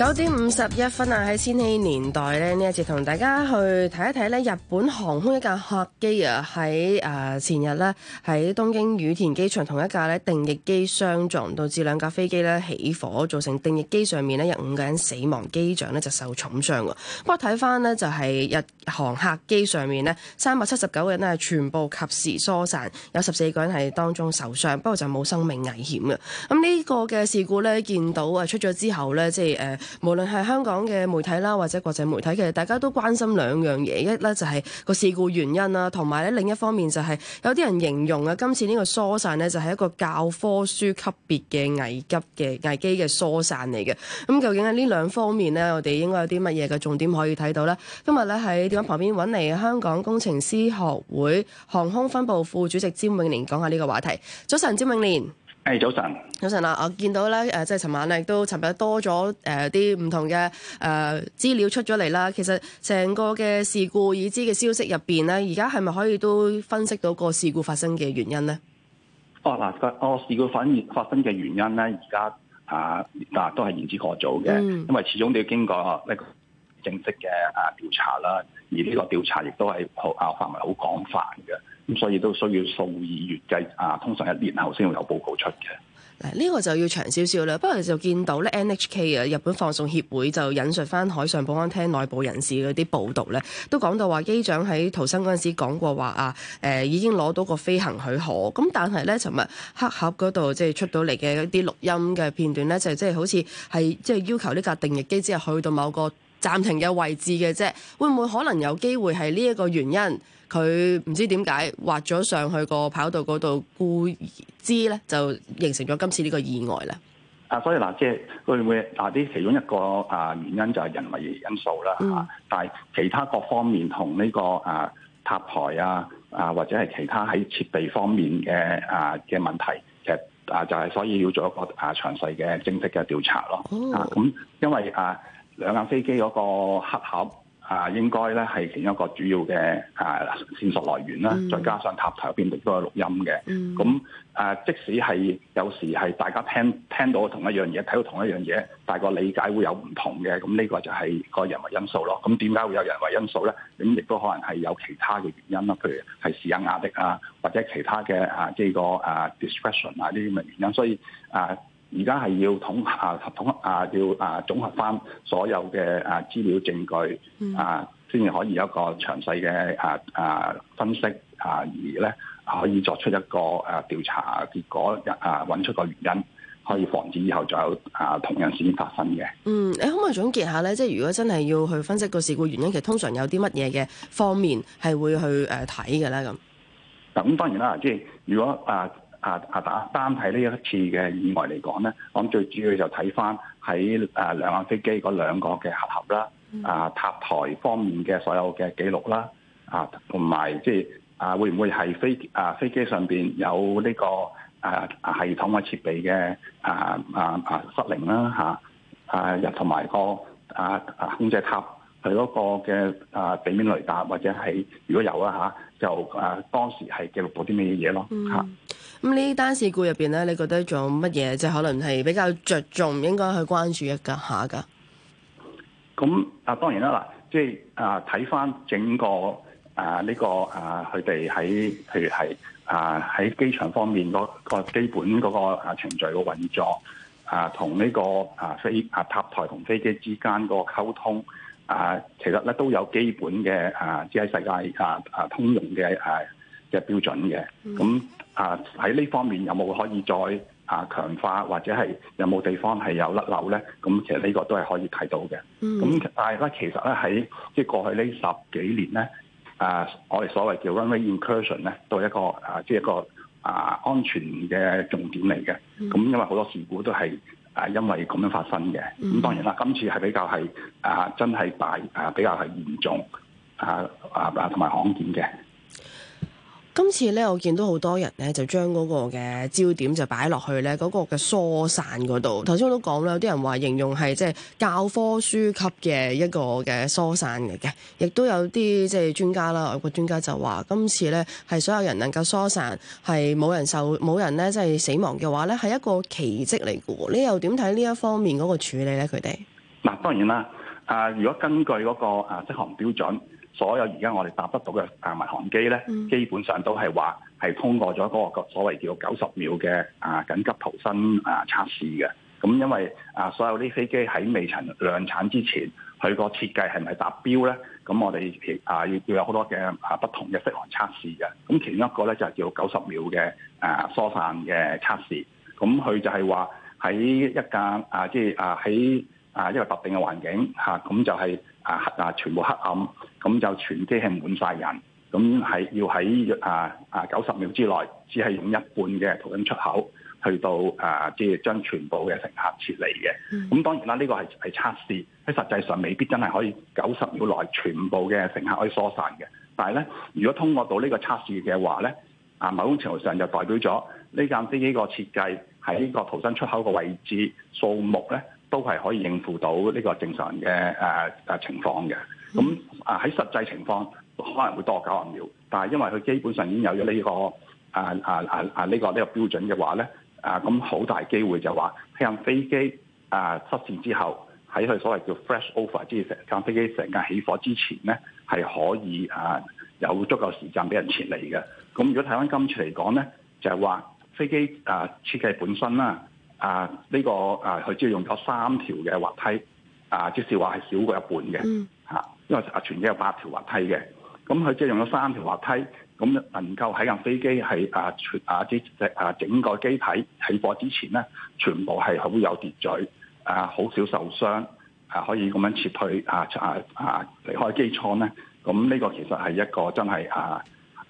九點五十一分啊！喺《千禧年代》呢，呢一節同大家去睇一睇呢，日本航空一架客機啊喺誒前日呢，喺東京羽田機場同一架呢定翼機相撞，導致兩架飛機呢起火，造成定翼機上面呢有五個人死亡，機長呢就受重傷喎。不過睇翻呢，就係日航客機上面呢，三百七十九個人呢全部及時疏散，有十四個人係當中受傷，不過就冇生命危險嘅。咁呢個嘅事故呢，見到啊出咗之後呢，即係誒。呃無論係香港嘅媒體啦，或者國際媒體，其實大家都關心兩樣嘢，一咧就係個事故原因啦，同埋咧另一方面就係、是、有啲人形容啊，今次呢個疏散呢，就係一個教科書級別嘅危急嘅危機嘅疏散嚟嘅。咁究竟喺呢兩方面呢，我哋應該有啲乜嘢嘅重點可以睇到呢？今日咧喺電話旁邊揾嚟香港工程師學會航空分部副主席詹永年講下呢個話題。早晨，詹永年。誒、hey，早晨，早晨啦、啊！我見到咧，誒、呃，即係尋晚咧，亦都尋日多咗誒，啲、呃、唔同嘅誒、呃、資料出咗嚟啦。其實成個嘅事故已知嘅消息入邊咧，而家係咪可以都分析到個事故發生嘅原因咧？哦，嗱、呃，個事故發現發生嘅原因咧，而家啊嗱都係言之過早嘅、嗯，因為始終都要經過一個正式嘅啊調查啦。而呢個調查亦都係好啊範圍好廣泛嘅。咁所以都需要數以月計啊，通常一年後先會有報告出嘅。嗱，呢個就要長少少啦。不過就見到咧，NHK 啊，日本放送協會就引述翻海上保安廳內部人士嗰啲報導咧，都講到話機長喺逃生嗰陣時講過話啊，誒、呃、已經攞到個飛行許可。咁但係咧，尋日黑盒嗰度即係出到嚟嘅一啲錄音嘅片段咧，就即係好似係即係要求呢架定翼機之後去到某個暫停嘅位置嘅啫，會唔會可能有機會係呢一個原因？佢唔知點解滑咗上去個跑道嗰度故而知咧，就形成咗今次呢個意外咧。啊，所以嗱，即係會唔會嗱啲其中一個啊原因就係人為因素啦嚇，但係其他各方面同呢個啊塔台啊啊或者係其他喺設備方面嘅啊嘅問題，其實啊就係所以要做一個啊詳細嘅正式嘅調查咯。哦，咁、啊、因為啊。兩架飛機嗰個黑盒啊，應該咧係其中一個主要嘅啊線索來源啦，mm. 再加上塔台入邊亦都係錄音嘅。咁、mm. 啊，即使係有時係大家聽聽到同一樣嘢，睇到同一樣嘢，大個理解會有唔同嘅。咁呢個就係個人為因素咯。咁點解會有人為因素咧？咁亦都可能係有其他嘅原因啦，譬如係視眼壓的壓力啊，或者其他嘅啊，呢、這個 discretion 啊 d i s c r e t i o n 啊呢啲咁嘅原因。所以啊。而家係要統啊，統啊，要啊總合返所有嘅啊資料證據啊，先、嗯、至可以一個詳細嘅啊啊分析啊，而咧可以作出一個啊調查結果，啊搵出個原因，可以防止以後再有啊同樣事件發生嘅。嗯，你可唔可以總結下咧？即係如果真係要去分析個事故原因，其實通常有啲乜嘢嘅方面係會去誒睇嘅咧？咁、嗯、咁當然啦，即係如果啊。呃啊啊！單單睇呢一次嘅意外嚟講咧，我諗最主要就睇翻喺誒兩架飛機嗰兩個嘅合合啦，啊塔台方面嘅所有嘅記錄啦，啊同埋即係啊會唔會係飛啊飛機上邊有呢個啊系統嘅設備嘅啊啊啊失靈啦嚇啊，又同埋個啊啊控制塔佢嗰個嘅啊地面雷達或者係如果有啊嚇，就啊當時係記錄到啲咩嘢咯嚇。咁呢啲單事故入邊咧，你覺得仲有乜嘢即係可能係比較着重應該去關注一格下噶？咁啊，當然啦，即係啊，睇翻整個啊呢個啊佢哋喺譬如係啊喺機場方面嗰個基本嗰個啊程序嘅運作啊，同呢個啊飛啊塔台同飛機之間嗰個溝通啊，其實咧都有基本嘅啊，只係世界啊啊通用嘅啊嘅標準嘅咁。嗯啊！喺呢方面有冇可以再啊強化，或者係有冇地方係有甩漏咧？咁其實呢個都係可以睇到嘅。咁但係咧，其實咧喺即係過去呢十幾年咧，啊，我哋所謂叫 runway incursion 咧，都係一個啊，即係一個啊安全嘅重點嚟嘅。咁、mm-hmm. 因為好多事故都係啊因為咁樣發生嘅。咁當然啦，今次係比較係啊真係大啊比較係嚴重啊啊啊同埋罕見嘅。還今次咧，我見到好多人咧，就將嗰個嘅焦點就擺落去咧嗰個嘅疏散嗰度。頭先我都講啦，有啲人話形容係即係教科書級嘅一個嘅疏散嚟嘅，亦都有啲即係專家啦，外國專家就話今次咧係所有人能夠疏散，係冇人受冇人咧即係死亡嘅話咧，係一個奇蹟嚟嘅。你又點睇呢一方面嗰個處理咧？佢哋嗱當然啦，啊如果根據嗰個啊執行標準。所有而家我哋搭得到嘅啊民航機咧，基本上都係話係通過咗嗰個所謂叫九十秒嘅啊緊急逃生啊測試嘅。咁因為啊所有啲飛機喺未曾量產之前，佢個設計係咪係達標咧？咁我哋啊要要有好多嘅啊不同嘅飛行測試嘅。咁其中一個咧就係叫九十秒嘅啊疏散嘅測試。咁佢就係話喺一架啊，即係啊喺。啊，一個特定嘅環境下，咁就係啊啊，全部黑暗，咁就全機係滿晒人，咁係要喺啊啊九十秒之內，只係用一半嘅逃生出口去到啊，即係將全部嘅乘客撤離嘅。咁當然啦，呢個係係測試，喺實際上未必真係可以九十秒內全部嘅乘客可以疏散嘅。但係咧，如果通過到呢個測試嘅話咧，啊某種程度上就代表咗呢架飛機個設計喺呢個逃生出口嘅位置數目咧，都係可以應付到呢個正常嘅誒誒情況嘅。咁啊喺實際情況可能會多九十秒，但係因為佢基本上已經有咗呢個啊啊啊啊呢個呢個標準嘅話咧，啊咁好大機會就話向飛機啊失事之後，喺佢所謂叫 flashover 即係成架飛機成架起火之前咧，係可以啊有足夠時間俾人撤離嘅。咁如果睇翻今次嚟講咧，就係話飛機啊設計本身啦。啊！呢個啊，佢只係用咗三條嘅滑梯，啊，即係話係少過一半嘅、mm. 因為啊，全機有八條滑梯嘅。咁佢即係用咗三條滑梯，咁能夠喺架飛機喺啊全啊即啊整個機體起火之前咧，全部係好有秩序，啊，好少受傷，啊，可以咁樣撤退啊啊啊離開機艙咧。咁呢個其實係一個真係啊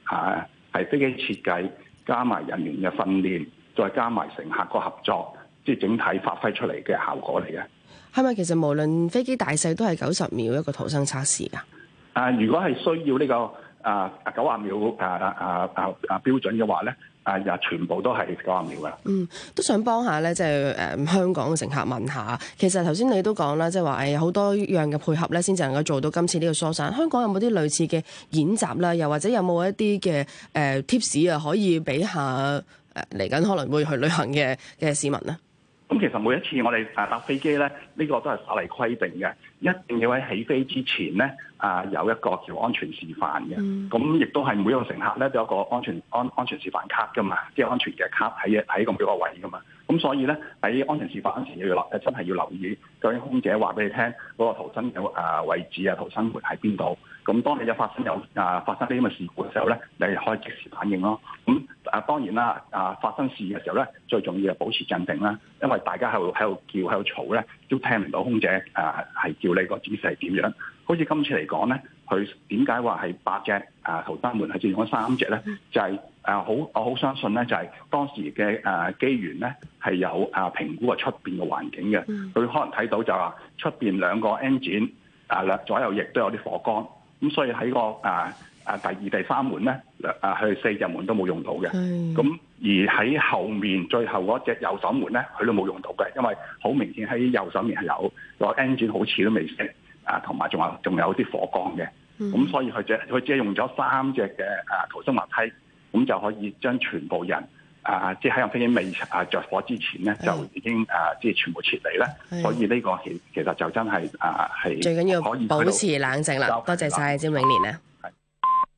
啊，係、啊、飛機設計加埋人員嘅訓練，再加埋乘客個合作。即係整體發揮出嚟嘅效果嚟嘅，係咪？其實無論飛機大細都係九十秒一個逃生測試㗎。啊，如果係需要呢、這個啊九啊秒啊啊啊啊標準嘅話咧，啊、呃，全部都係九啊秒㗎。嗯，都想幫下咧，即係誒香港嘅乘客問下，其實頭先你都講啦，即係話誒好多樣嘅配合咧，先至能夠做到今次呢個疏散。香港有冇啲類似嘅演習啦？又或者有冇一啲嘅誒 tips 啊，呃、可以俾下誒嚟緊可能會去旅行嘅嘅市民咧？咁其實每一次我哋啊搭飛機咧，呢、這個都係法例規定嘅，一定要喺起飛之前咧啊，有一個叫安全示範嘅。咁、嗯、亦都係每一個乘客咧都有一個安全安安全示範卡噶嘛，即、就、係、是、安全嘅卡喺喺個每個位噶嘛。咁所以咧喺安全示範嗰陣時，要留真係要留意，究竟空姐話俾你聽嗰、那個逃生嘅啊位置啊，逃生門喺邊度？咁當你有發生有啊發生呢啲咁嘅事故嘅時候咧，你可以即時反應咯。咁啊，當然啦！啊，發生事嘅時候咧，最重要係保持鎮定啦，因為大家喺度喺度叫喺度嘈咧，都聽唔到空姐啊係叫你個指示係點樣。好似今次嚟講咧，佢點解話係八隻啊逃生門係佔用咗三隻咧？就係、是、啊好，我好相信咧，就係、是、當時嘅啊機員咧係有啊評估過出邊嘅環境嘅，佢、mm. 可能睇到就話出邊兩個 engine 啊兩左右翼都有啲火光。咁所以喺個啊啊第二、第三門咧啊，佢四隻門都冇用到嘅。咁、嗯、而喺後面最後嗰隻右手門咧，佢都冇用到嘅，因為好明顯喺右手面係有個 engine 好似都未熄啊，同埋仲有仲有啲火光嘅。咁、嗯、所以佢借佢借用咗三隻嘅啊逃生滑梯，咁就可以將全部人。啊！即係喺日本飛機未啊着火之前咧，就已經啊，即係全部撤離啦。所以呢個其其實就真係啊，係最緊要可以保持冷靜啦。多謝晒詹永年啊！啊